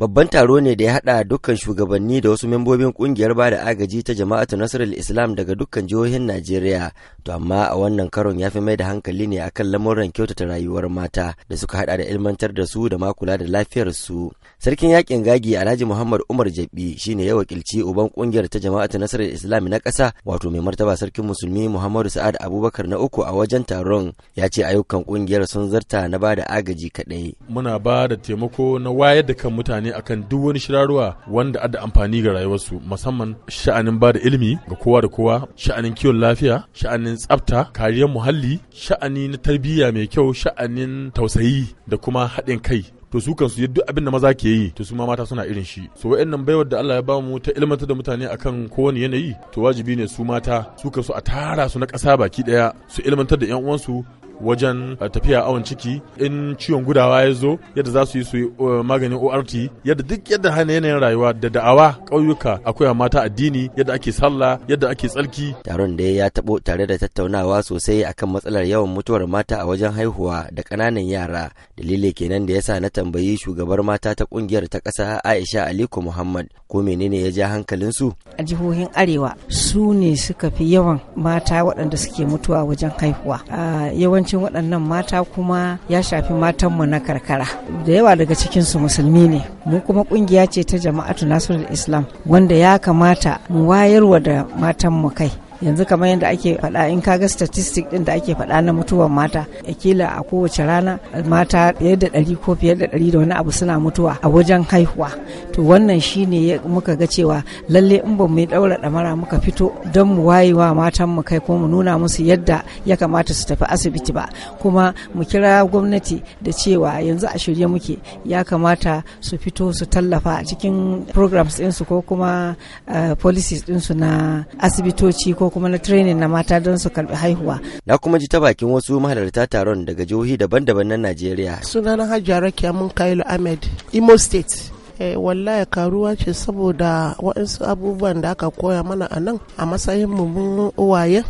babban taro ne da ya haɗa dukkan shugabanni da wasu membobin kungiyar bada agaji ta jama'atu nasarar islam daga dukkan jihohin najeriya to amma a wannan karon ya fi mai da hankali ne akan lamuran kyautata rayuwar mata da suka haɗa da ilmantar da su da ma kula da lafiyar su sarkin yakin gagi alhaji muhammad umar jabi shine ya wakilci uban kungiyar ta jama'atu nasarar islam na kasa wato mai martaba sarkin musulmi muhammadu sa'ad abubakar na uku a wajen taron ya ce ayyukan kungiyar sun zarta na bada agaji kaɗai muna ba da taimako na wayar da kan mutane ne akan duk wani shirarwa wanda ada amfani ga rayuwarsu musamman sha'anin ba da ilimi ga kowa da kowa sha'anin kiwon lafiya sha'anin tsafta kariyar muhalli sha'ani na tarbiyya mai kyau sha'anin tausayi da kuma haɗin kai to su kansu duk abin da maza ke yi to su ma mata suna irin shi so wayannan baiwar da Allah ya ba mu ta ilmantar da mutane akan kowane yanayi to wajibi ne su mata su kansu a tara su na ƙasa baki ɗaya su ilmantar da yan uwansu wajen eh, tafiya awon ciki in ciwon gudawa ya zo yadda za su yi su yi eh, maganin ORT yadda duk yadda hana yanayin rayuwa da da'awa ƙauyuka akwai mata addini yadda ake sallah yadda ake tsalki taron da ya taɓo tare da tattaunawa sosai akan matsalar yawan mutuwar mata a wajen haihuwa da ƙananan yara dalilin kenan da yasa na tambayi shugabar mata ta ƙungiyar ta ƙasa Aisha Aliko Muhammad ko menene ya ja hankalin su a jihohin arewa su ne suka fi yawan mata waɗanda suke mutuwa wajen haihuwa ah, yawanci yawancin waɗannan mata kuma ya shafi matanmu na karkara da yawa daga cikinsu musulmi ne mu kuma ƙungiya ce ta jama'atu nasirul islam wanda ya kamata mu wayarwa da matanmu kai yanzu kamar yadda ake faɗa in ka ga statistic din da ake faɗa na mutuwar mata eh, kila a kowace rana mata fiye da ɗari ko fiye da ɗari da wani abu suna mutuwa a wajen haihuwa to wannan shine muka ga cewa lalle in ba mu ɗaura ɗamara muka fito don mu wayewa matan mu kai ko mu nuna musu yadda ya kamata su tafi asibiti ba kuma mu kira gwamnati da cewa yanzu a shirye muke ya kamata su fito su tallafa a cikin programs ɗinsu ko kuma eh, policies ɗinsu na asibitoci ko kuma na training na mata don su karbi haihuwa. Na kuma ji ta bakin wasu mahalarta taron daga jihohi daban-daban na Najeriya. Sunana araki amin Kailu Ahmed, Imo State. Eh, wallahi karuwa ce saboda waɗansu abubuwan da aka koya mana a nan a matsayin mummun uwaye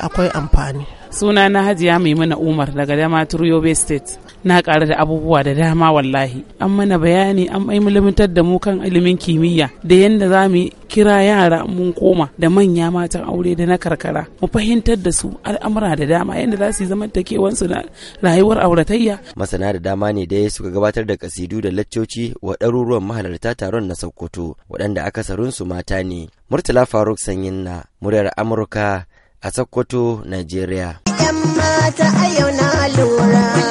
akwai amfani. suna na hajiya maimuna umar daga damaturu turyobe state na ƙara da abubuwa da dama wallahi an mana bayani an maimulmitar da mu kan ilimin kimiyya da yadda za mu kira yara mun koma da manya matan aure da na karkara mu fahimtar da su al'amura da dama yadda za su yi takewansu na rayuwar auratayya masana da dama ne da suka gabatar da kasidu da laccoci wa ɗaruruwan mahalarta taron na sokoto waɗanda akasarinsu mata ne murtala faruk sanyin na muryar amurka a Sokoto, Najeriya. Yan mata a yau na lura.